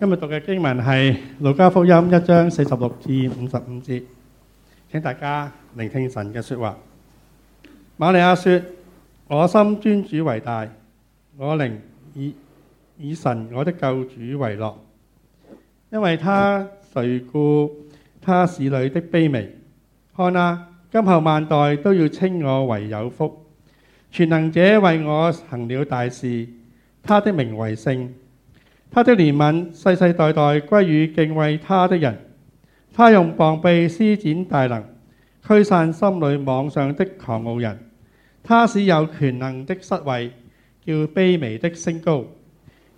今日讀嘅經文係路加福音一章四十六至五十五節，請大家聆聽神嘅說話。瑪利亞說：我心尊主為大，我靈以以神我的救主為樂，因為他垂顧他使女的卑微，看啊，今後萬代都要稱我為有福，全能者為我行了大事，他的名為聖。他的憐憫世世代代歸於敬畏他的人。他用膀臂施展大能，驅散心裏網上的狂傲人。他使有權能的失位，叫卑微的升高，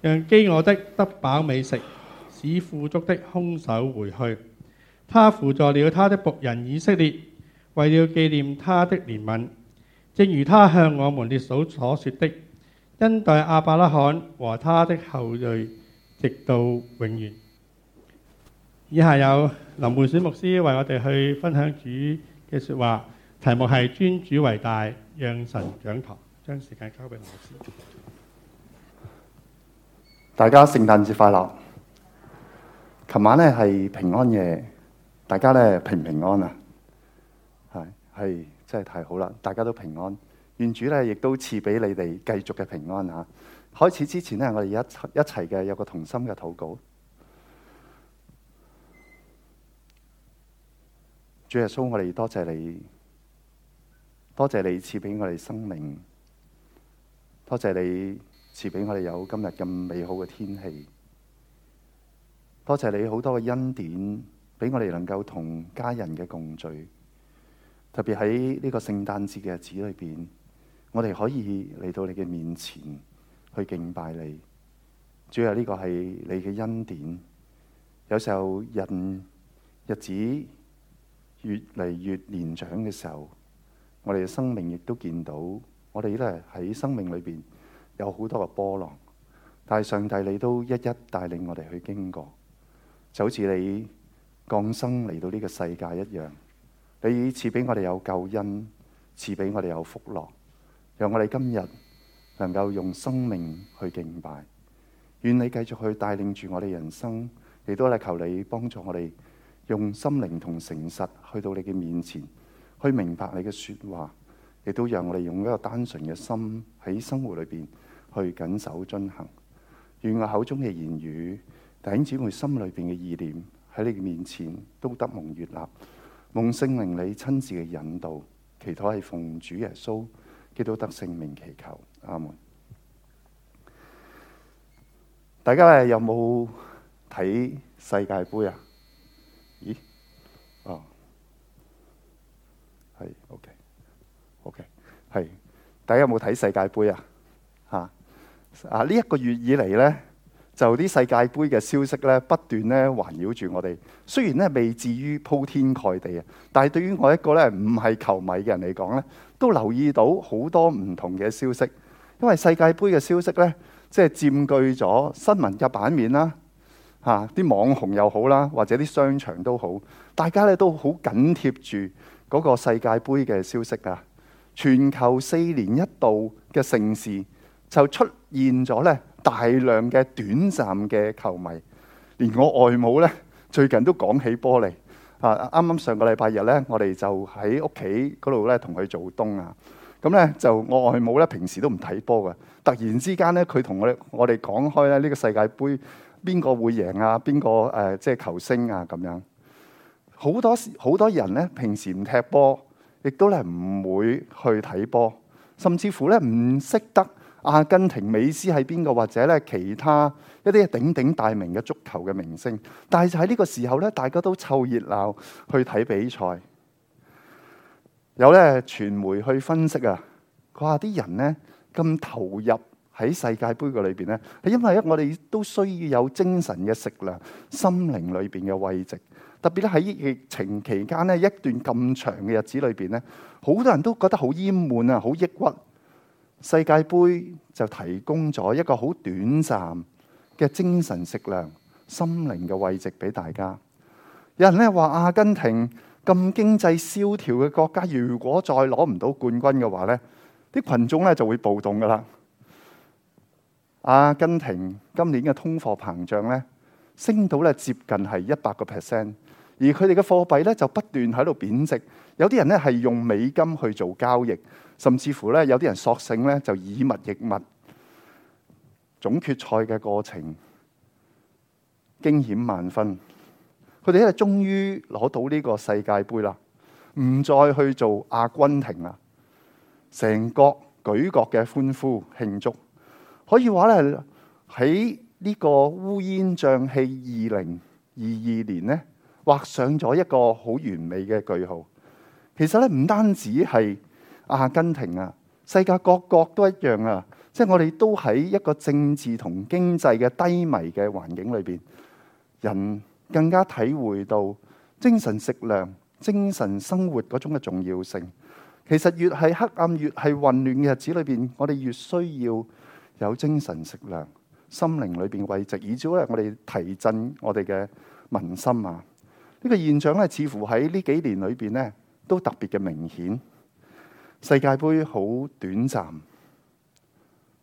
讓飢餓的得飽美食，使富足的空手回去。他扶助了他的僕人以色列，為了紀念他的憐憫，正如他向我們列祖所說的，恩待亞伯拉罕和他的後裔。直到永遠。以下有林煥選牧師為我哋去分享主嘅說話，題目係尊主為大，讓神掌堂。將時間交俾牧師。大家聖誕節快樂。琴晚咧係平安夜，大家咧平平安啊，係係真係太好啦！大家都平安，願主呢亦都賜俾你哋繼續嘅平安啊！開始之前呢，我哋一一齊嘅有個同心嘅禱告。主耶穌，我哋多謝你，多謝你賜畀我哋生命，多謝你賜畀我哋有今日咁美好嘅天氣，多謝你好多嘅恩典，畀我哋能夠同家人嘅共聚。特別喺呢個聖誕節嘅日子裏面，我哋可以嚟到你嘅面前。去敬拜你，主要呢個係你嘅恩典。有時候人日子越嚟越年長嘅時候，我哋嘅生命亦都見到，我哋都係喺生命裏邊有好多嘅波浪，但係上帝你都一一帶領我哋去經過，就好似你降生嚟到呢個世界一樣，你賜俾我哋有救恩，賜俾我哋有福樂，讓我哋今日。能夠用生命去敬拜，願你繼續去帶領住我哋人生，亦都係求你幫助我哋用心靈同誠實去到你嘅面前，去明白你嘅說話，亦都讓我哋用一個單純嘅心喺生活裏邊去謹守遵行。願我口中嘅言語、弟兄姊妹心裏邊嘅意念喺你嘅面前都得蒙悅納。蒙聖靈你親自嘅引導，祈禱係奉主耶穌。基督得勝名祈求，阿門。大家咧有冇睇世界杯啊？咦？哦，係 OK，OK，係。大家有冇睇世界杯啊？吓啊！呢、啊、一個月以嚟呢，就啲世界杯嘅消息呢，不斷呢環繞住我哋。雖然呢未至於鋪天蓋地啊，但係對於我一個呢唔係球迷嘅人嚟講呢。都留意到好多唔同嘅消息，因為世界杯嘅消息呢，即係佔據咗新聞嘅版面啦。吓、啊、啲網紅又好啦，或者啲商場都好，大家咧都好緊貼住嗰個世界杯嘅消息啊！全球四年一度嘅盛事，就出現咗呢大量嘅短暫嘅球迷，連我外母呢最近都講起玻璃。啊！啱啱上個禮拜日咧，我哋就喺屋企嗰度咧同佢做冬啊。咁、啊、咧就我外母咧平時都唔睇波嘅，突然之間咧佢同我我哋講開咧呢、這個世界盃邊個會贏啊？邊個、呃、即係球星啊？咁樣好多時好多人咧平時唔踢波，亦都咧唔會去睇波，甚至乎咧唔識得阿根廷美斯係邊個，或者咧其他。一啲鼎鼎大名嘅足球嘅明星，但係就喺呢個時候咧，大家都湊熱鬧去睇比賽。有咧傳媒去分析啊，佢話啲人咧咁投入喺世界盃個裏邊咧，係因為咧，我哋都需要有精神嘅食糧，心靈裏邊嘅慰藉。特別咧喺疫情期間咧，一段咁長嘅日子裏邊咧，好多人都覺得好翳悶啊，好抑鬱。世界盃就提供咗一個好短暫嘅精神食糧、心靈嘅慰藉俾大家。有人咧話，阿根廷咁經濟蕭條嘅國家，如果再攞唔到冠軍嘅話咧，啲群眾咧就會暴動㗎喇。阿根廷今年嘅通貨膨脹咧升到咧接近係一百個 percent，而佢哋嘅貨幣咧就不斷喺度貶值，有啲人咧係用美金去做交易，甚至乎咧有啲人索性咧就以物易物。總決賽嘅過程驚險萬分，佢哋一係終於攞到呢個世界盃啦，唔再去做亞軍廷啦，成國舉國嘅歡呼慶祝，可以話咧喺呢個烏煙瘴氣二零二二年呢，畫上咗一個好完美嘅句號。其實咧，唔單止係阿根廷啊，世界各國都一樣啊。即係我哋都喺一個政治同經濟嘅低迷嘅環境裏邊，人更加體會到精神食糧、精神生活嗰種嘅重要性。其實越係黑暗、越係混亂嘅日子裏邊，我哋越需要有精神食糧，心靈裏邊嘅慰藉，以至咧我哋提振我哋嘅民心啊！呢、呢個現象咧，似乎喺呢幾年裏邊咧都特別嘅明顯。世界杯好短暫。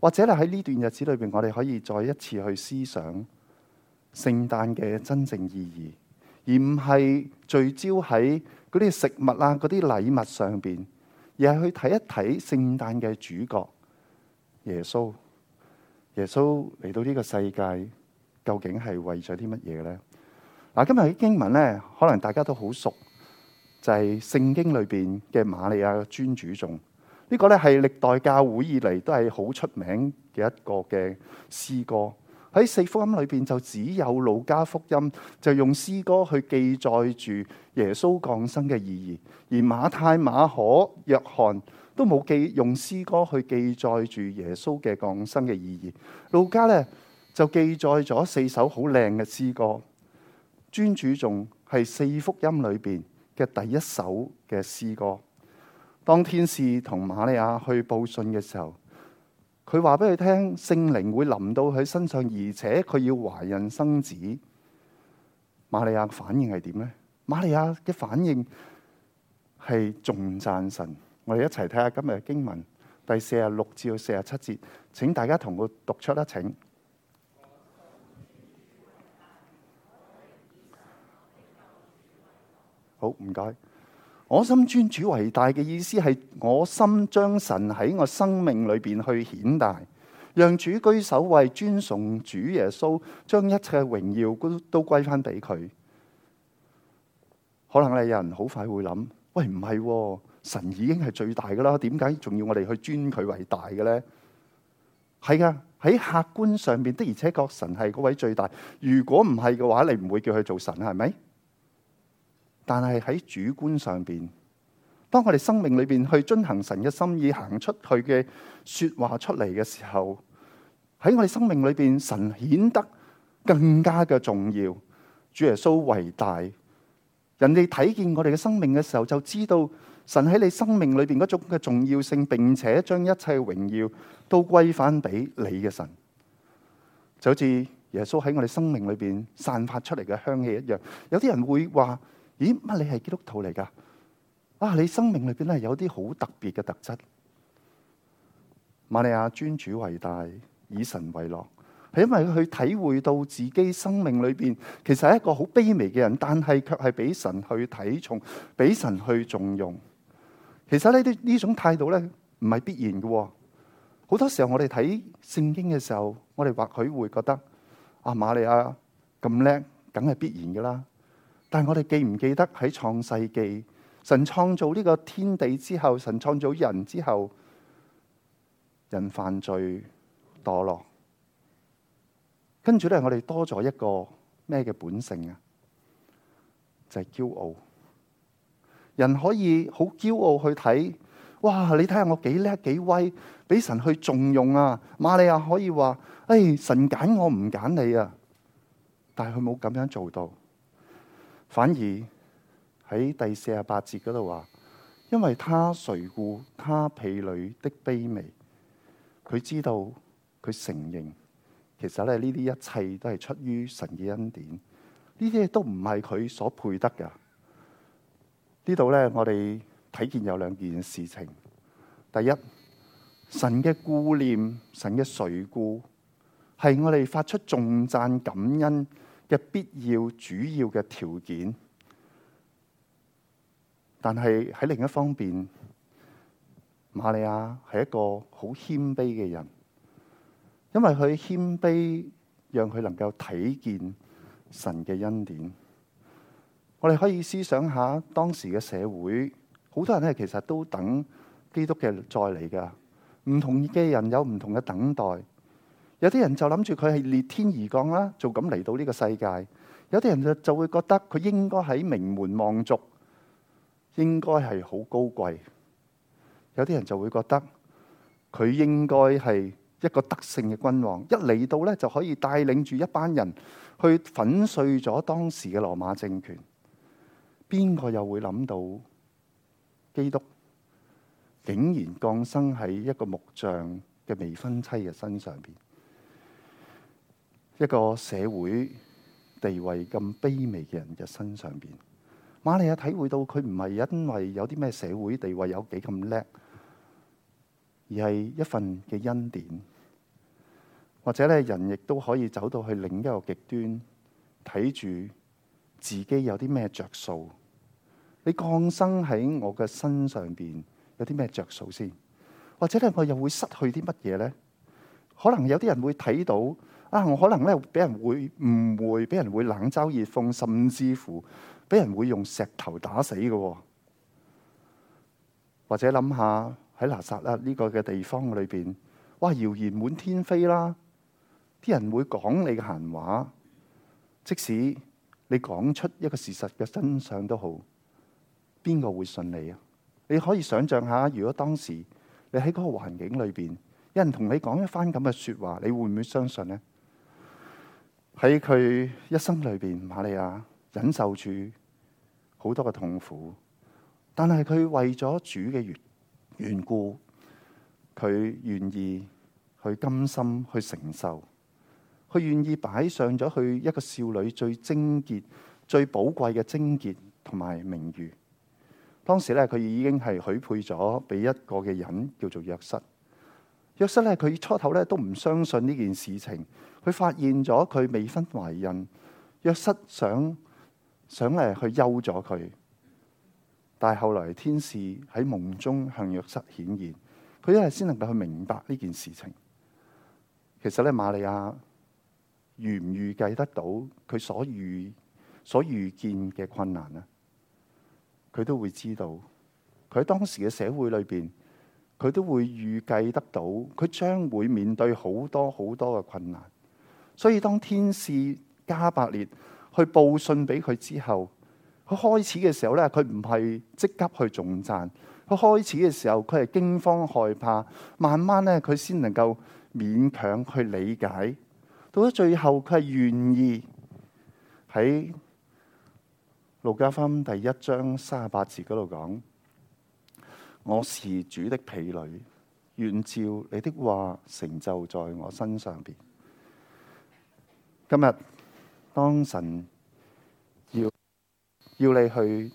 或者喺呢段日子裏面，我哋可以再一次去思想聖誕嘅真正意義，而唔係聚焦喺嗰啲食物啊、嗰啲禮物上邊，而係去睇一睇聖誕嘅主角耶穌。耶穌嚟到呢個世界，究竟係為咗啲乜嘢咧？嗱，今日嘅經文咧，可能大家都好熟，就係聖經裏邊嘅瑪利亞嘅尊主頌。呢個咧，係歷代教會以嚟都係好出名嘅一個嘅詩歌。喺四福音裏邊就只有路加福音就用詩歌去記載住耶穌降生嘅意義，而馬太、馬可、約翰都冇記用詩歌去記載住耶穌嘅降生嘅意義。路加咧就記載咗四首好靚嘅詩歌，尊主頌係四福音裏邊嘅第一首嘅詩歌。當天使同瑪利亞去報信嘅時候，佢話俾佢聽聖靈會臨到佢身上，而且佢要懷孕生子。瑪利亞反應係點呢？瑪利亞嘅反應係仲讚神。我哋一齊睇下今日經文第四十六至到四十七節，請大家同我讀出啦，請。好，唔該。我心尊主為大嘅意思係，我心將神喺我生命裏邊去顯大，讓主居首位，尊崇主耶穌，將一切嘅榮耀都都歸翻俾佢。可能你有人好快會諗，喂唔係，啊，神已經係最大噶啦點解仲要我哋去尊佢為大嘅咧？係噶，喺客觀上面的，而且確神係嗰位最大。如果唔係嘅話，你唔會叫佢做神，係咪？但係喺主觀上邊，當我哋生命裏邊去遵行神嘅心意，行出去嘅說話出嚟嘅時候，喺我哋生命裏邊，神顯得更加嘅重要。主耶穌為大，人哋睇見我哋嘅生命嘅時候，就知道神喺你生命裏邊嗰種嘅重要性，並且將一切榮耀都歸翻俾你嘅神。就好似耶穌喺我哋生命裏邊散發出嚟嘅香氣一樣，有啲人會話。咦，乜你係基督徒嚟噶？啊，你生命裏邊咧有啲好特別嘅特質。瑪利亞尊主為大，以神為樂，係因為佢體會到自己生命裏邊其實係一個好卑微嘅人，但係卻係俾神去睇重，俾神去重用。其實呢啲呢種態度咧唔係必然嘅，哦。好多時候我哋睇聖經嘅時候，我哋或許會覺得啊，瑪利亞咁叻，梗係必然噶啦。但係我哋記唔記得喺創世紀，神創造呢個天地之後，神創造人之後，人犯罪墮落，跟住咧我哋多咗一個咩嘅本性啊？就係驕傲。人可以好驕傲去睇，哇！你睇下我幾叻幾威，俾神去重用啊！瑪利亞可以話，哎，神揀我唔揀你啊！但係佢冇咁樣做到。反而喺第四十八節嗰度話，因為他垂顧他婢女的卑微，佢知道佢承認，其實咧呢啲一切都係出於神嘅恩典，呢啲嘢都唔係佢所配得㗎。呢度咧我哋睇見有兩件事情，第一，神嘅顧念，神嘅垂顧，係我哋發出頌讚感恩嘅必要主要嘅條件，但係喺另一方面，瑪利亞係一個好謙卑嘅人，因為佢謙卑，讓佢能夠睇見神嘅恩典。我哋可以思想一下當時嘅社會，好多人咧其實都等基督嘅再嚟噶，唔同嘅人有唔同嘅等待。有啲人就諗住佢係裂天而降啦，就咁嚟到呢個世界。有啲人就會會覺得佢應該喺名門望族，應該係好高貴。有啲人就會覺得佢應該係一個得勝嘅君王，一嚟到呢，就可以帶領住一班人去粉碎咗當時嘅羅馬政權。邊個又會諗到基督竟然降生喺一個木匠嘅未婚妻嘅身上邊？一個社會地位咁卑微嘅人嘅身上邊，馬利亞體會到佢唔係因為有啲咩社會地位有幾咁叻，而係一份嘅恩典。或者咧，人亦都可以走到去另一個極端，睇住自己有啲咩着數。你降生喺我嘅身上邊，有啲咩着數先？或者咧，我又會失去啲乜嘢呢？可能有啲人會睇到。啊！我可能咧俾人會誤會，俾人會冷嘲熱諷，甚至乎俾人會用石頭打死嘅喎。或者諗下喺拿撒勒呢個嘅地方裏邊，哇！謠言滿天飛啦！啲人會講你嘅閒話，即使你講出一個事實嘅真相都好，邊個會信你啊？你可以想象下，如果當時你喺嗰個環境裏邊，有人同你講一番咁嘅説話，你會唔會相信呢？喺佢一生裏邊，瑪利亞忍受住好多嘅痛苦，但係佢為咗主嘅緣緣故，佢願意去甘心去承受，佢願意擺上咗佢一個少女最貞潔、最寶貴嘅貞潔同埋名譽。當時咧，佢已經係許配咗俾一個嘅人，叫做約瑟。約瑟咧，佢初頭咧都唔相信呢件事情。佢發現咗佢未婚懷孕，約瑟想想嚟去休咗佢，但係後來天使喺夢中向約瑟顯現，佢一係先能夠去明白呢件事情。其實咧，瑪利亞預唔預計得到佢所預所預見嘅困難呢？佢都會知道，佢喺當時嘅社會裏邊，佢都會預計得到，佢將會面對好多好多嘅困難。所以，當天使加百列去報信俾佢之後，佢開始嘅時候咧，佢唔係即刻去頌讚。佢開始嘅時候，佢係驚慌害怕。慢慢咧，佢先能夠勉強去理解。到咗最後願，佢係願意喺路加福音第一章三十八節嗰度講：我是主的婢女，願照你的話成就在我身上。今日當神要要你去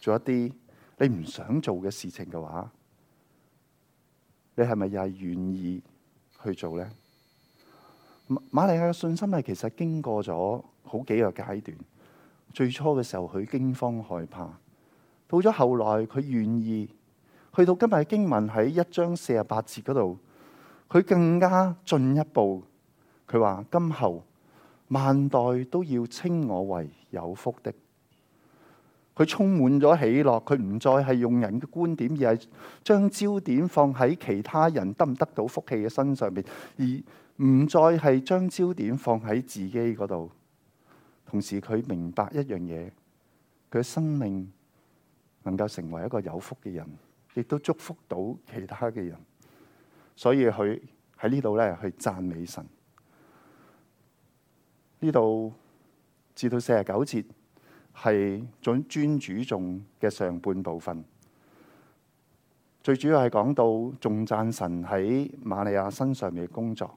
做一啲你唔想做嘅事情嘅話，你係咪又係願意去做咧？馬利亞嘅信心係其實經過咗好幾個階段。最初嘅時候佢驚慌害怕，到咗後來佢願意，去到今日嘅經文喺一章四十八節嗰度，佢更加進一步。佢話今後。萬代都要稱我為有福的。佢充滿咗喜樂，佢唔再係用人嘅觀點，而係將焦點放喺其他人得唔得到福氣嘅身上面，而唔再係將焦點放喺自己嗰度。同時佢明白一樣嘢，佢嘅生命能夠成為一個有福嘅人，亦都祝福到其他嘅人。所以佢喺呢度咧去讚美神。呢度至到四十九節係尊主頌嘅上半部分，最主要係講到頌讚神喺瑪利亞身上面嘅工作。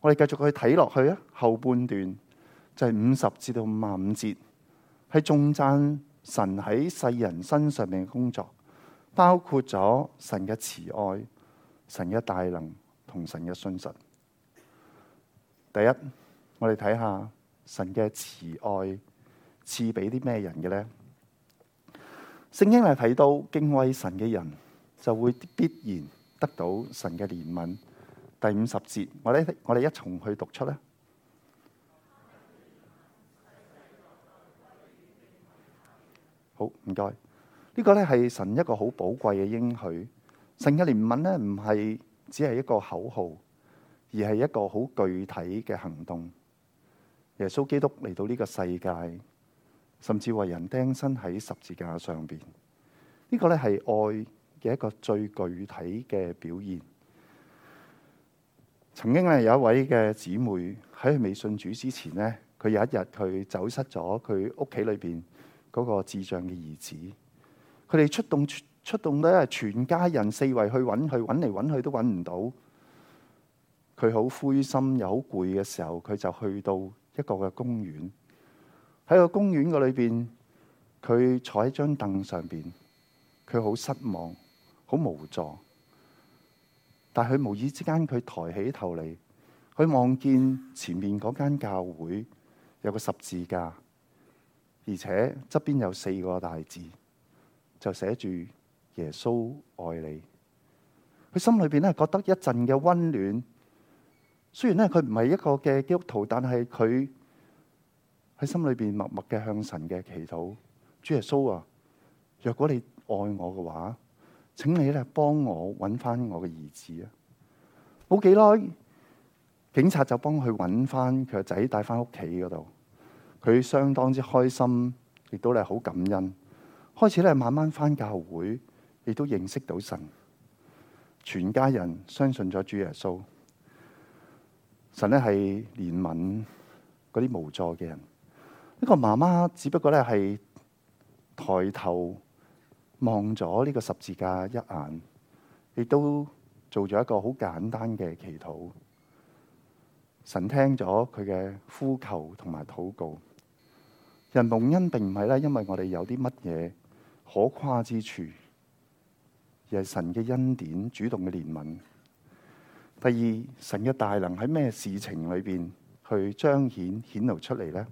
我哋繼續去睇落去啊，後半段就係五十至到五十五節，係頌讚神喺世人身上面嘅工作，包括咗神嘅慈愛、神嘅大能同神嘅信實。第一。我哋睇下神嘅慈愛賜俾啲咩人嘅咧？聖經係睇到敬畏神嘅人就會必然得到神嘅憐憫。第五十節，我哋我哋一重去讀出啦。好，唔該。呢個咧係神一個好寶貴嘅應許。神嘅憐憫咧唔係只係一個口號，而係一個好具體嘅行動。耶穌基督嚟到呢個世界，甚至為人釘身喺十字架上邊，呢個咧係愛嘅一個最具體嘅表現。曾經咧有一位嘅姊妹喺佢未信主之前咧，佢有一日佢走失咗佢屋企裏邊嗰個智障嘅兒子，佢哋出動出動咧全家人四圍去揾佢，揾嚟揾去都揾唔到，佢好灰心又好攰嘅時候，佢就去到。一個嘅公園，喺個公園嘅裏邊，佢坐喺張凳上邊，佢好失望，好無助。但係佢無意之間，佢抬起頭嚟，佢望見前面嗰間教會有個十字架，而且側邊有四個大字，就寫住耶穌愛你。佢心裏邊咧覺得一陣嘅溫暖。雖然咧佢唔係一個嘅基督徒，但係佢喺心裏邊默默嘅向神嘅祈禱。主耶穌啊，若果你愛我嘅話，請你咧幫我揾翻我嘅兒子啊！冇幾耐，警察就幫佢揾翻佢個仔帶翻屋企嗰度。佢相當之開心，亦都咧好感恩。開始咧慢慢翻教會，亦都認識到神。全家人相信咗主耶穌。神咧係憐憫嗰啲無助嘅人，呢、這個媽媽只不過咧係抬頭望咗呢個十字架一眼，亦都做咗一個好簡單嘅祈禱。神聽咗佢嘅呼求同埋禱告，人蒙恩並唔係咧，因為我哋有啲乜嘢可誇之處，而係神嘅恩典主動嘅憐憫。第二，神一大能喺咩事情裏邊去彰顯、顯露出嚟呢？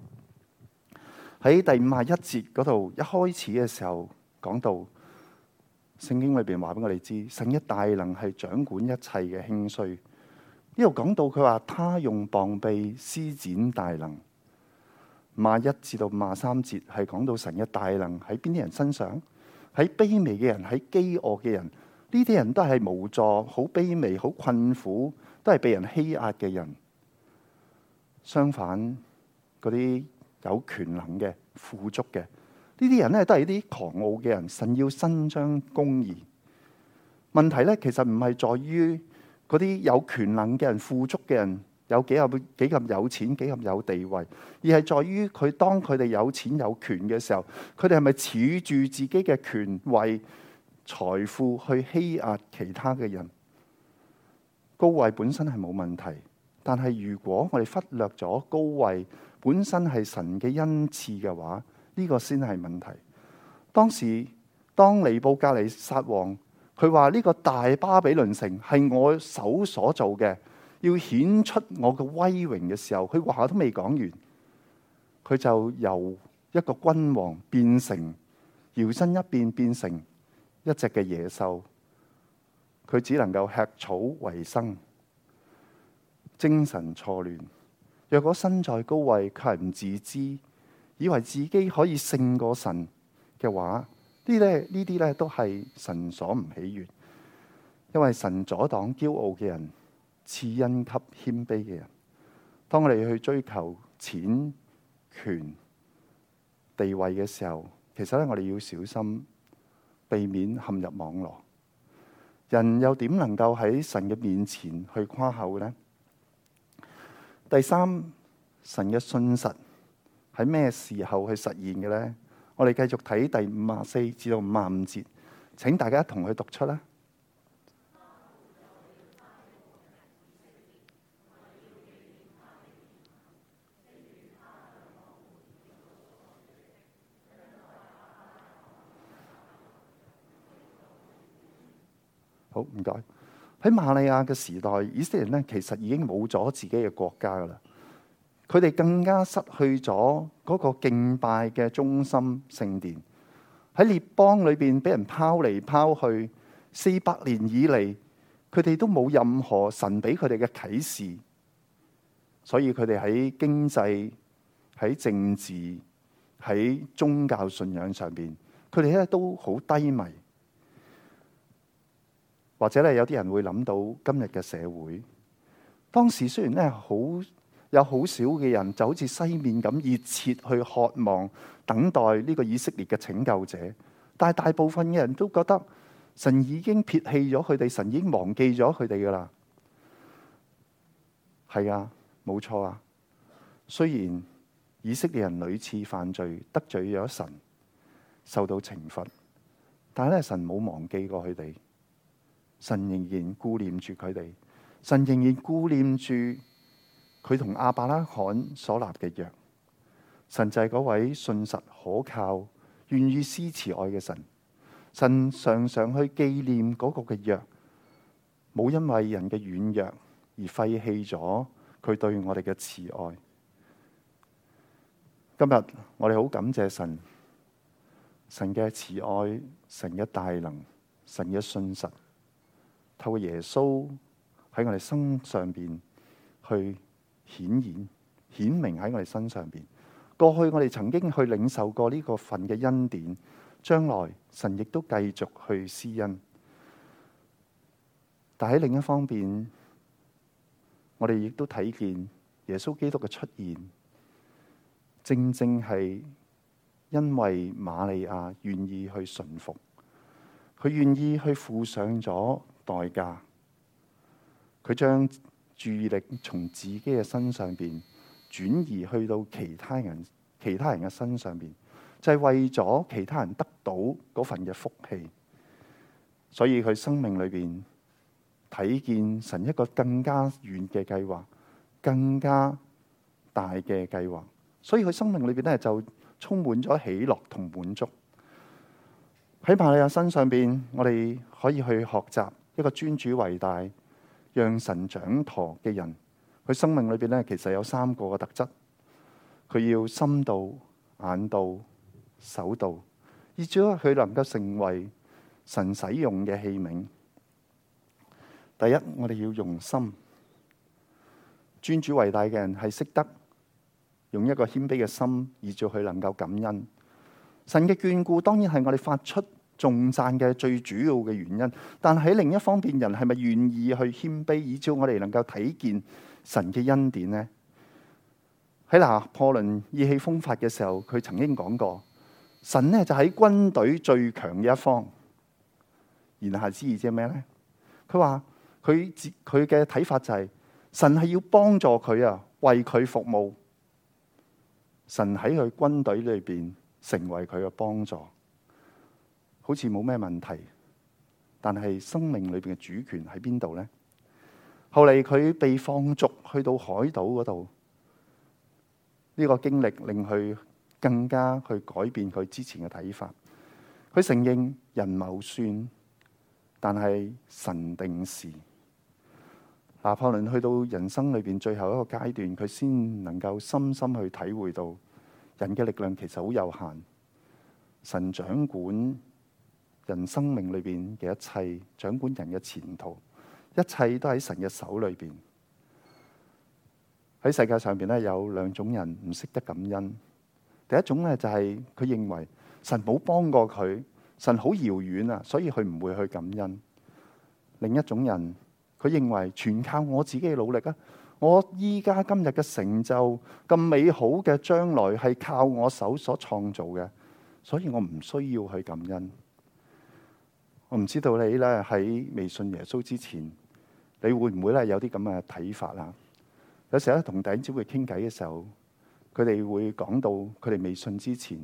喺第五十一節嗰度一開始嘅時候講到，聖經裏邊話俾我哋知，神一大能係掌管一切嘅興衰。呢度講到佢話，他用膀臂施展大能。五十一至到五十三節係講到神一大能喺邊啲人身上，喺卑微嘅人，喺飢餓嘅人。呢啲人都係無助、好卑微、好困苦，都係被人欺壓嘅人。相反，嗰啲有權能嘅、富足嘅呢啲人咧，都係啲狂傲嘅人，神要伸張公義。問題咧，其實唔係在於嗰啲有權能嘅人、富足嘅人有幾有幾咁有錢、幾咁有地位，而係在於佢當佢哋有錢有權嘅時候，佢哋係咪恃住自己嘅權位？財富去欺壓其他嘅人，高位本身係冇問題，但係如果我哋忽略咗高位本身係神嘅恩賜嘅話，呢個先係問題。當時當尼布甲尼撒王，佢話呢個大巴比倫城係我手所做嘅，要顯出我嘅威榮嘅時候，佢話都未講完，佢就由一個君王變成搖身一變變成一隻嘅野獸，佢只能夠吃草為生，精神錯亂。若果身在高位，卻係唔自知，以為自己可以勝過神嘅話，呢啲呢都係神所唔喜悅。因為神阻擋驕傲嘅人，賜恩給謙卑嘅人。當我哋去追求錢、權、地位嘅時候，其實咧我哋要小心。避免陷入網絡，人又點能夠喺神嘅面前去誇口呢？第三，神嘅信實喺咩時候去實現嘅呢？我哋繼續睇第五十四至到五十五節，請大家一同去讀出啦。好，唔該。喺馬利亞嘅時代，以色列人咧其實已經冇咗自己嘅國家啦。佢哋更加失去咗嗰個敬拜嘅中心聖殿，喺列邦裏邊俾人拋嚟拋去。四百年以嚟，佢哋都冇任何神俾佢哋嘅啟示，所以佢哋喺經濟、喺政治、喺宗教信仰上邊，佢哋咧都好低迷。或者咧，有啲人會諗到今日嘅社會。當時雖然咧，好有好少嘅人就好似西面咁熱切去渴望等待呢個以色列嘅拯救者，但係大部分嘅人都覺得神已經撇棄咗佢哋，神已經忘記咗佢哋㗎喇。係啊，冇錯啊。雖然以色列人屢次犯罪得罪咗神，受到懲罰，但係咧，神冇忘記過佢哋。神仍然顧念住佢哋，神仍然顧念住佢同阿伯拉罕所立嘅約。神就係嗰位信實可靠、願意施慈愛嘅神。神常常去紀念嗰個嘅約，冇因為人嘅軟弱而廢棄咗佢對我哋嘅慈愛。今日我哋好感謝神，神嘅慈愛，神一大能，神一信實。透過耶穌喺我哋身上邊去顯現、顯明喺我哋身上邊。過去我哋曾經去領受過呢個份嘅恩典，將來神亦都繼續去施恩。但喺另一方面，我哋亦都睇見耶穌基督嘅出現，正正係因為瑪利亞願意去順服，佢願意去附上咗。代價，佢將注意力從自己嘅身上邊轉移去到其他人，其他人嘅身上邊，就係為咗其他人得到嗰份嘅福氣。所以佢生命裏邊睇見神一個更加遠嘅計劃，更加大嘅計劃。所以佢生命裏邊咧就充滿咗喜樂同滿足。喺瑪利亞身上邊，我哋可以去學習。一個尊主為大、讓神掌舵嘅人，佢生命裏邊咧，其實有三個嘅特質。佢要心到、眼到、手到，以至佢能夠成為神使用嘅器皿。第一，我哋要用心，尊主為大嘅人係識得用一個謙卑嘅心，以至佢能夠感恩神嘅眷顧。當然係我哋發出。頌讚嘅最主要嘅原因，但喺另一方面，人係咪願意去謙卑，以招我哋能夠睇見神嘅恩典呢？喺拿破崙意氣風發嘅時候，佢曾經講過：神呢，就喺軍隊最強嘅一方。言下之意即係咩呢？佢話佢佢嘅睇法就係神係要幫助佢啊，為佢服務。神喺佢軍隊裏邊成為佢嘅幫助。好似冇咩問題，但係生命裏邊嘅主權喺邊度呢？後嚟佢被放逐去到海島嗰度，呢個經歷令佢更加去改變佢之前嘅睇法。佢承認人謀算，但係神定時。拿破崙去到人生裏邊最後一個階段，佢先能夠深深去體會到人嘅力量其實好有限，神掌管。人生命裏邊嘅一切，掌管人嘅前途，一切都喺神嘅手裏邊。喺世界上邊咧，有兩種人唔識得感恩。第一種咧就係、是、佢認為神冇幫過佢，神好遙遠啊，所以佢唔會去感恩。另一種人佢認為全靠我自己努力啊，我依家今日嘅成就咁美好嘅將來係靠我手所創造嘅，所以我唔需要去感恩。我唔知道你咧，喺未信耶穌之前，你會唔會咧有啲咁嘅睇法啊？有時候咧同弟兄會傾偈嘅時候，佢哋會講到佢哋未信之前，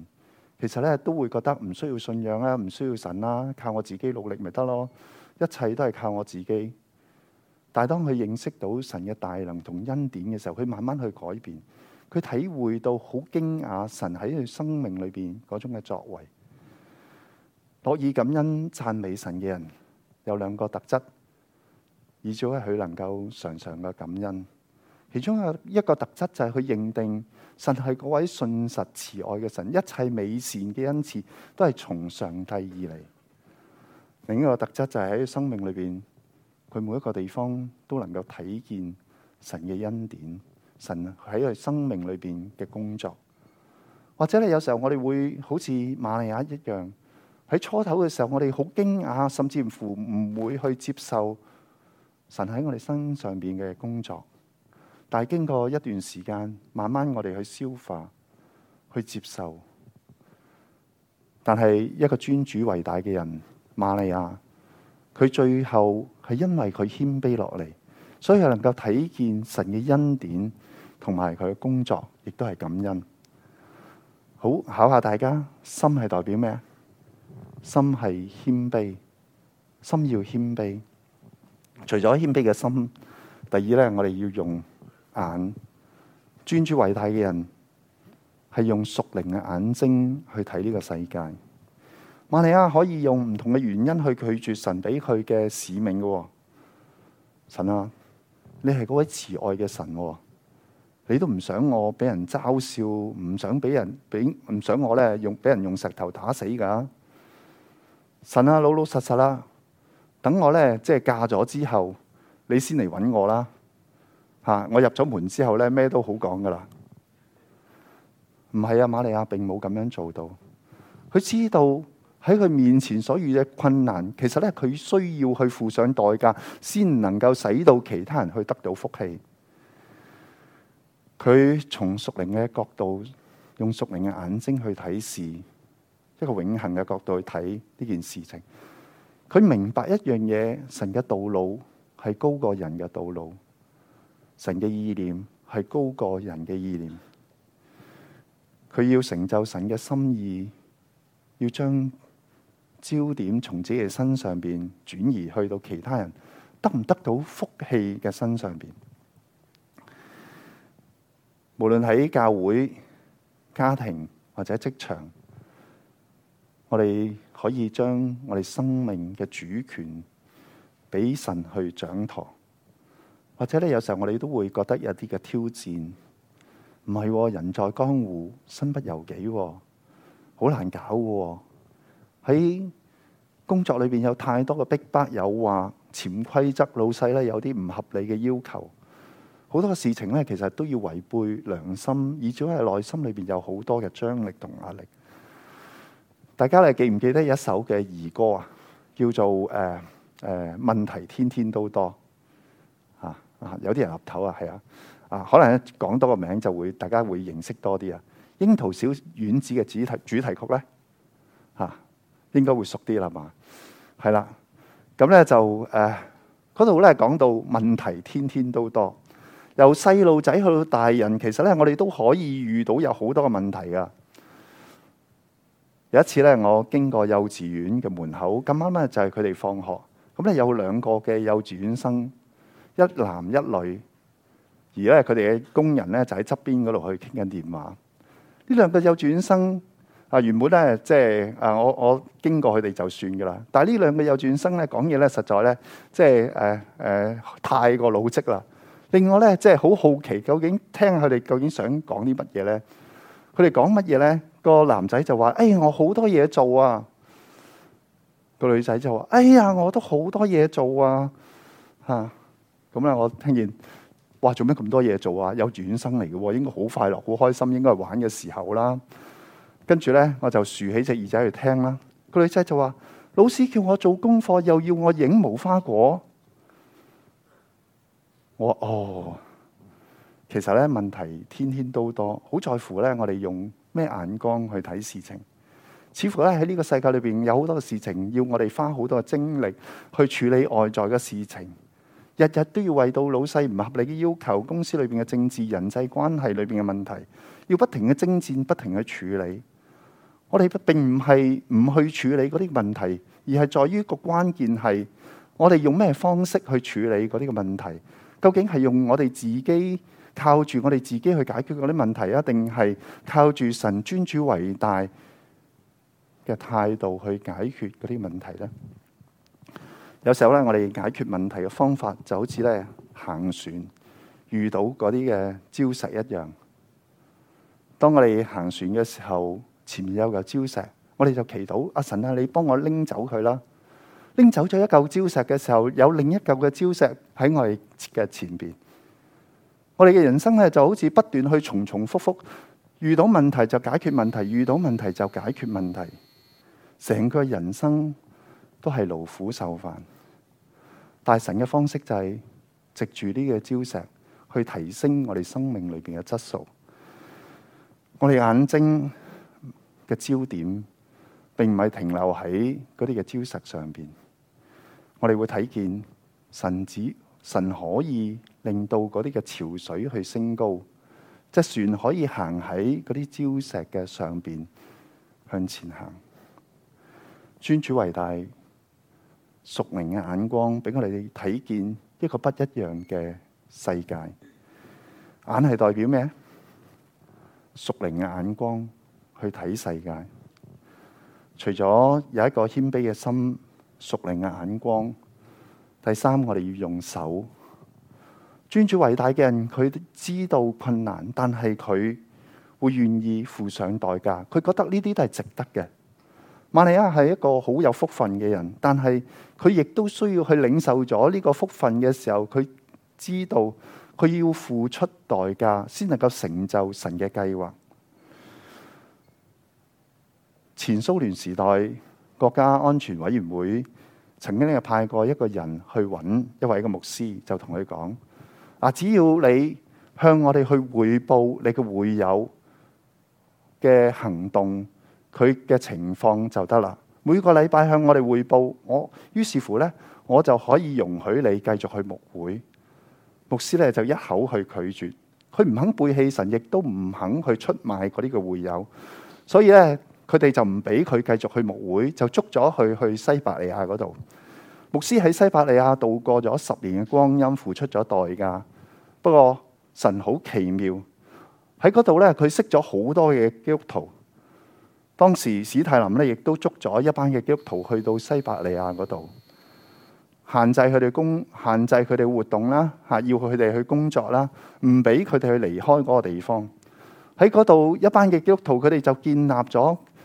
其實咧都會覺得唔需要信仰啊，唔需要神啦，靠我自己努力咪得咯，一切都係靠我自己。但係當佢認識到神嘅大能同恩典嘅時候，佢慢慢去改變，佢體會到好驚訝神喺佢生命裏邊嗰種嘅作為。樂以感恩讚美神嘅人有兩個特質，以至佢能夠常常嘅感恩。其中啊一個特質就係佢認定神係嗰位信實慈愛嘅神，一切美善嘅恩賜都係從上帝而嚟。另一個特質就係喺生命裏邊，佢每一個地方都能夠睇見神嘅恩典，神喺佢生命裏邊嘅工作。或者咧，有時候我哋會好似瑪利亞一樣。喺初頭嘅時候，我哋好驚訝，甚至乎唔會去接受神喺我哋身上邊嘅工作。但係經過一段時間，慢慢我哋去消化、去接受。但係一個尊主為大嘅人瑪利亞，佢最後係因為佢謙卑落嚟，所以係能夠睇見神嘅恩典同埋佢嘅工作，亦都係感恩。好，考下大家，心係代表咩？心係謙卑，心要謙卑。除咗謙卑嘅心，第二咧，我哋要用眼專注偉大嘅人，係用屬靈嘅眼睛去睇呢個世界。瑪利亞可以用唔同嘅原因去拒絕神俾佢嘅使命嘅、哦。神啊，你係嗰位慈愛嘅神、哦，你都唔想我俾人嘲笑，唔想俾人俾唔想我咧用俾人用石頭打死噶、啊。神啊，老老實實啦、啊！等我呢，即係嫁咗之後，你先嚟揾我啦！吓、啊，我入咗門之後呢，咩都好講噶啦。唔係啊，瑪利亞並冇咁樣做到。佢知道喺佢面前所遇嘅困難，其實呢，佢需要去付上代價，先能夠使到其他人去得到福氣。佢從屬靈嘅角度，用屬靈嘅眼睛去睇事。一個永恆嘅角度去睇呢件事情，佢明白一樣嘢：神嘅道路係高過人嘅道路，神嘅意念係高過人嘅意念。佢要成就神嘅心意，要將焦點從自己身上邊轉移去到其他人得唔得到福氣嘅身上邊。無論喺教會、家庭或者職場，我哋可以將我哋生命嘅主權俾神去掌舵，或者咧有時候我哋都會覺得有啲嘅挑戰唔係、喎，唔係人在江湖身不由己、喎，好難搞喎、哦。喺工作裏面有太多嘅逼迫，迫、誘惑、潛規則，老細咧有啲唔合理嘅要求，好多事情咧其實都要違背良心，以至係內心裏面有好多嘅張力同壓力。大家咧記唔記得有一首嘅兒歌啊，叫做誒誒、呃呃，問題天天都多，啊啊，有啲人岌頭啊，係啊，啊，可能講多個名就會大家會認識多啲啊，《櫻桃小丸子》嘅主題主題曲咧，吓、啊、應該會熟啲啦嘛，係啦，咁咧就誒，嗰度咧講到問題天天都多，由細路仔去到大人，其實咧我哋都可以遇到有好多嘅問題噶。有一次咧，我經過幼稚園嘅門口，咁啱咧就係佢哋放學，咁咧有兩個嘅幼稚園生，一男一女，而咧佢哋嘅工人咧就喺側邊嗰度去傾緊電話。呢兩個幼稚園生啊，原本咧即係啊，我我經過佢哋就算㗎喇。但係呢兩個幼稚園生咧講嘢咧，實在咧即係誒誒，太過老積啦。另外咧，即係好好奇究竟聽下佢哋究竟想講啲乜嘢咧？佢哋講乜嘢咧？個男仔就話：哎，我好多嘢做啊！個女仔就話：哎呀，我都好多嘢做啊！吓、啊，咁咧我聽見，哇，做咩咁多嘢做啊？幼稚園生嚟嘅，應該好快樂，好開心，應該係玩嘅時候啦。跟住咧，我就豎起隻耳仔去聽啦。個女仔就話：老師叫我做功課，又要我影無花果。我話：哦，其實咧問題天天都多，好在乎咧，我哋用。咩眼光去睇事情？似乎咧喺呢個世界裏邊有好多事情要我哋花好多精力去處理外在嘅事情，日日都要為到老細唔合理嘅要求、公司裏邊嘅政治、人際關係裏邊嘅問題，要不停嘅征戰、不停去處理。我哋並唔係唔去處理嗰啲問題，而係在於個關鍵係我哋用咩方式去處理嗰啲嘅問題？究竟係用我哋自己？靠住我哋自己去解決嗰啲問題啊，定係靠住神尊主為大嘅態度去解決嗰啲問題咧？有時候咧，我哋解決問題嘅方法就好似咧，行船遇到嗰啲嘅礁石一樣。當我哋行船嘅時候，前面有個礁石，我哋就祈禱阿神啊，你幫我拎走佢啦。拎走咗一嚿礁石嘅時候，有另一嚿嘅礁石喺我哋嘅前邊。我哋嘅人生咧，就好似不斷去重重複複遇到問題就解決問題，遇到問題就解決問題，成個人生都係勞苦受煩。但係神嘅方式就係藉住呢個礁石，去提升我哋生命裏邊嘅質素。我哋眼睛嘅焦點，並唔係停留喺嗰啲嘅礁石上邊，我哋會睇見神子。神可以令到嗰啲嘅潮水去升高，即船可以行喺嗰啲礁石嘅上邊向前行。尊主為大，屬靈嘅眼光俾我哋睇見一個不一樣嘅世界。眼係代表咩？屬靈嘅眼光去睇世界。除咗有一個謙卑嘅心，屬靈嘅眼光。第三，我哋要用手專注偉大嘅人，佢知道困難，但係佢會願意付上代價，佢覺得呢啲都係值得嘅。馬利亞係一個好有福分嘅人，但係佢亦都需要去領受咗呢個福分嘅時候，佢知道佢要付出代價，先能夠成就神嘅計劃。前蘇聯時代國家安全委員會，曾經咧派過一個人去揾一位嘅牧師，就同佢講：嗱，只要你向我哋去彙報你嘅會友嘅行動，佢嘅情況就得啦。每個禮拜向我哋彙報，我於是乎呢，我就可以容許你繼續去牧會。牧師咧就一口去拒絕，佢唔肯背棄神，亦都唔肯去出賣嗰啲個會友，所以呢。佢哋就唔俾佢繼續去牧會，就捉咗佢去西伯利亞嗰度。牧師喺西伯利亞度過咗十年嘅光陰，付出咗代價。不過神好奇妙，喺嗰度咧，佢識咗好多嘅基督徒。當時史太林咧亦都捉咗一班嘅基督徒去到西伯利亞嗰度，限制佢哋工，限制佢哋活動啦，嚇要佢哋去工作啦，唔俾佢哋去離開嗰個地方。喺嗰度一班嘅基督徒，佢哋就建立咗。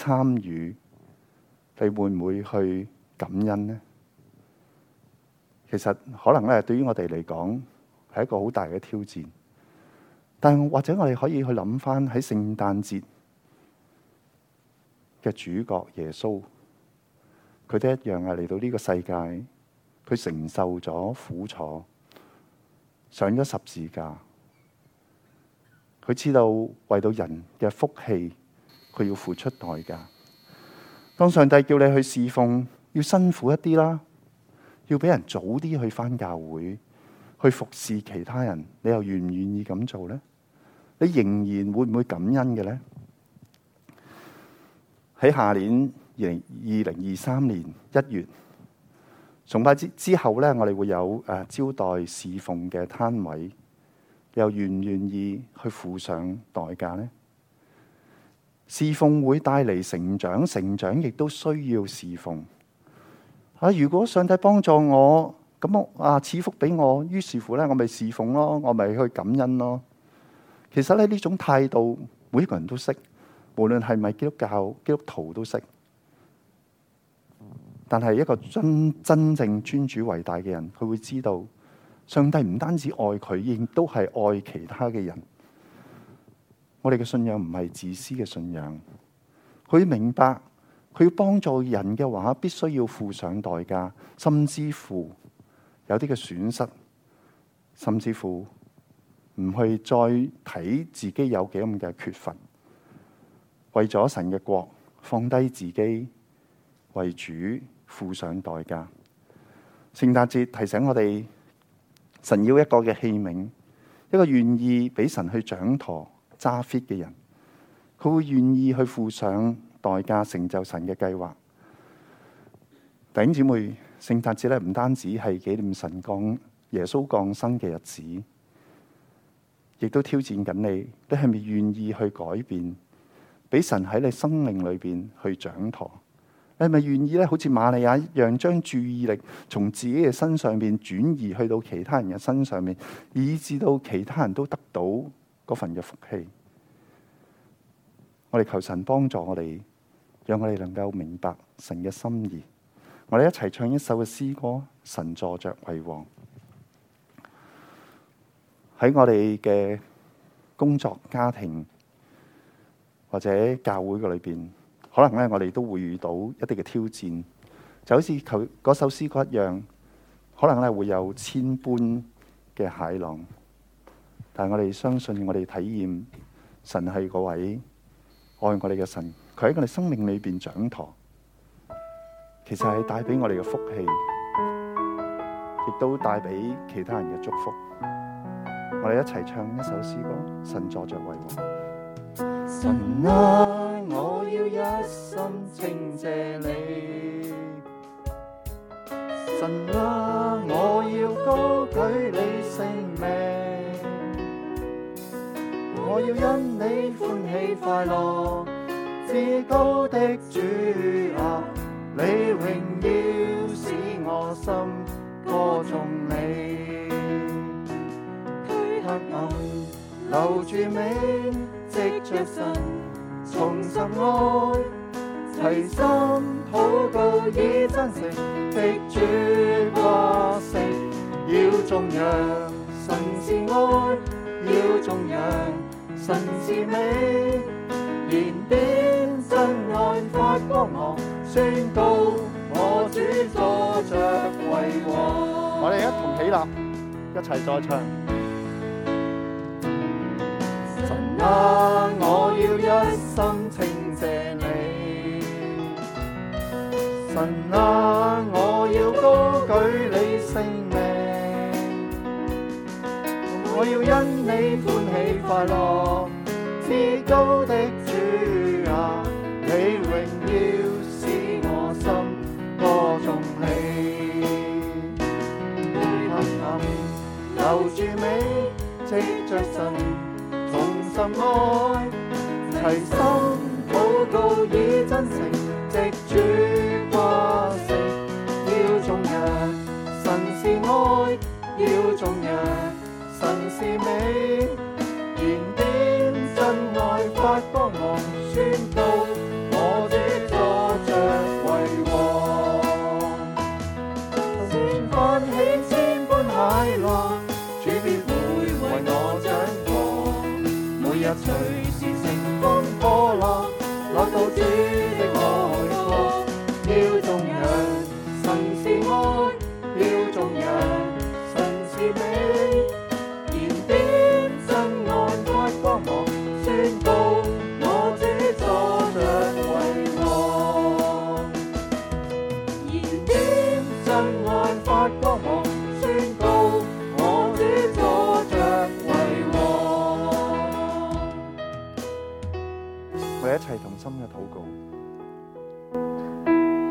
參與，你會唔會去感恩呢？其實可能咧，對於我哋嚟講係一個好大嘅挑戰，但或者我哋可以去諗翻喺聖誕節嘅主角耶穌，佢都一樣係嚟到呢個世界，佢承受咗苦楚，上咗十字架，佢知道為到人嘅福氣。佢要付出代價。當上帝叫你去侍奉，要辛苦一啲啦，要俾人早啲去返教會，去服侍其他人，你又願唔願意咁做呢？你仍然會唔會感恩嘅呢？喺下年二零二零二三年一月，崇拜之之後呢，我哋會有誒、啊、招待侍奉嘅攤位，你又願唔願意去付上代價呢？侍奉會帶嚟成長，成長亦都需要侍奉。啊，如果上帝幫助我，咁我啊賜福俾我，於是乎咧，我咪侍奉咯，我咪去感恩咯。其實咧呢，這種態度，每一個人都識，無論係咪基督教基督徒都識。但係一個真真正尊主為大嘅人，佢會知道，上帝唔單止愛佢，亦都係愛其他嘅人。我哋嘅信仰唔係自私嘅信仰，佢明白佢要幫助人嘅話，必須要付上代價，甚至乎有啲嘅損失，甚至乎唔去再睇自己有幾咁嘅缺乏，為咗神嘅國放低自己為主付上代價。聖誕節提醒我哋，神要一個嘅器皿，一個願意俾神去掌舵。揸 fit 嘅人，佢會願意去附上代價，成就神嘅計劃。弟兄姊妹，聖誕節咧唔單止係紀念神降耶穌降生嘅日子，亦都挑戰緊你。你係咪願意去改變，俾神喺你生命裏邊去掌舵？你係咪願意咧？好似瑪利亞一樣，將注意力從自己嘅身上邊轉移去到其他人嘅身上面，以致到其他人都得到嗰份嘅福氣，我哋求神幫助我哋，讓我哋能夠明白神嘅心意。我哋一齊唱一首嘅詩歌，《神助着為王》。喺我哋嘅工作、家庭或者教會嘅裏邊，可能咧我哋都會遇到一啲嘅挑戰，就好似佢嗰首詩歌一樣，可能咧會有千般嘅海浪。但係我哋相信，我哋體驗神係嗰位愛我哋嘅神，佢喺我哋生命裏邊掌舵，其實係帶俾我哋嘅福氣，亦都帶俾其他人嘅祝福。我哋一齊唱一首詩歌，《神坐著為王》。神啊，我要一生稱謝你。神啊，我要高舉你。我要因你歡喜快樂，至高的主啊，你榮耀使我心歌頌你。驅黑暗，留住美，藉着神重拾愛，齊心禱告以真誠的主過聖，要頌揚神是愛，要頌揚。神祢美燃點真愛發光芒，我我我哋一同起立，一齊再唱。神啊，我要一生稱謝你。神啊，我要高舉你聖。我要因你歡喜快樂，至高的主啊，你榮耀使我心歌頌你。去行行，留住美，藉着神同心愛，齊心禱告以真誠。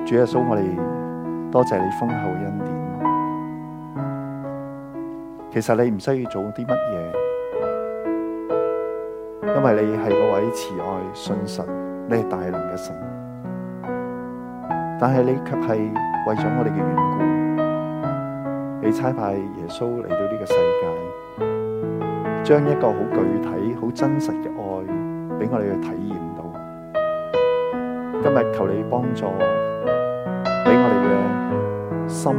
主耶穌，我哋多謝你豐厚恩典。其實你唔需要做啲乜嘢，因為你係嗰位慈愛、信實、你係大能嘅神。但係你卻係為咗我哋嘅緣故，你差派耶穌嚟到呢個世界，將一個好具體、好真實嘅愛俾我哋去體驗到。今日求你幫助。俾我哋嘅心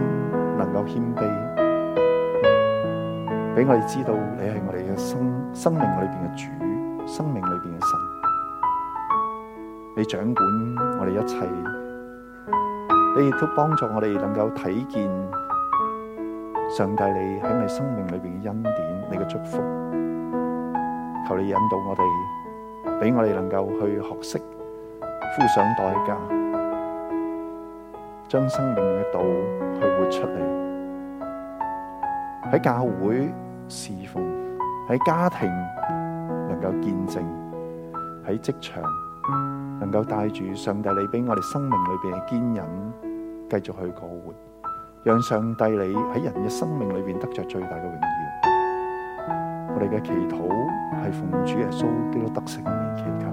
能夠謙卑，俾我哋知道你係我哋嘅生生命裏面嘅主，生命裏面嘅神，你掌管我哋一切，你亦都幫助我哋能夠睇見上帝你喺我哋生命裏面嘅恩典，你嘅祝福。求你引導我哋，俾我哋能夠去學識付上代價。將生命嘅道去活出嚟，喺教會侍奉，喺家庭能夠見證，喺職場能夠帶住上帝你俾我哋生命裏邊嘅堅忍，繼續去過活，讓上帝你喺人嘅生命裏邊得着最大嘅榮耀。我哋嘅祈禱係奉主耶穌基督得勝嘅祈求。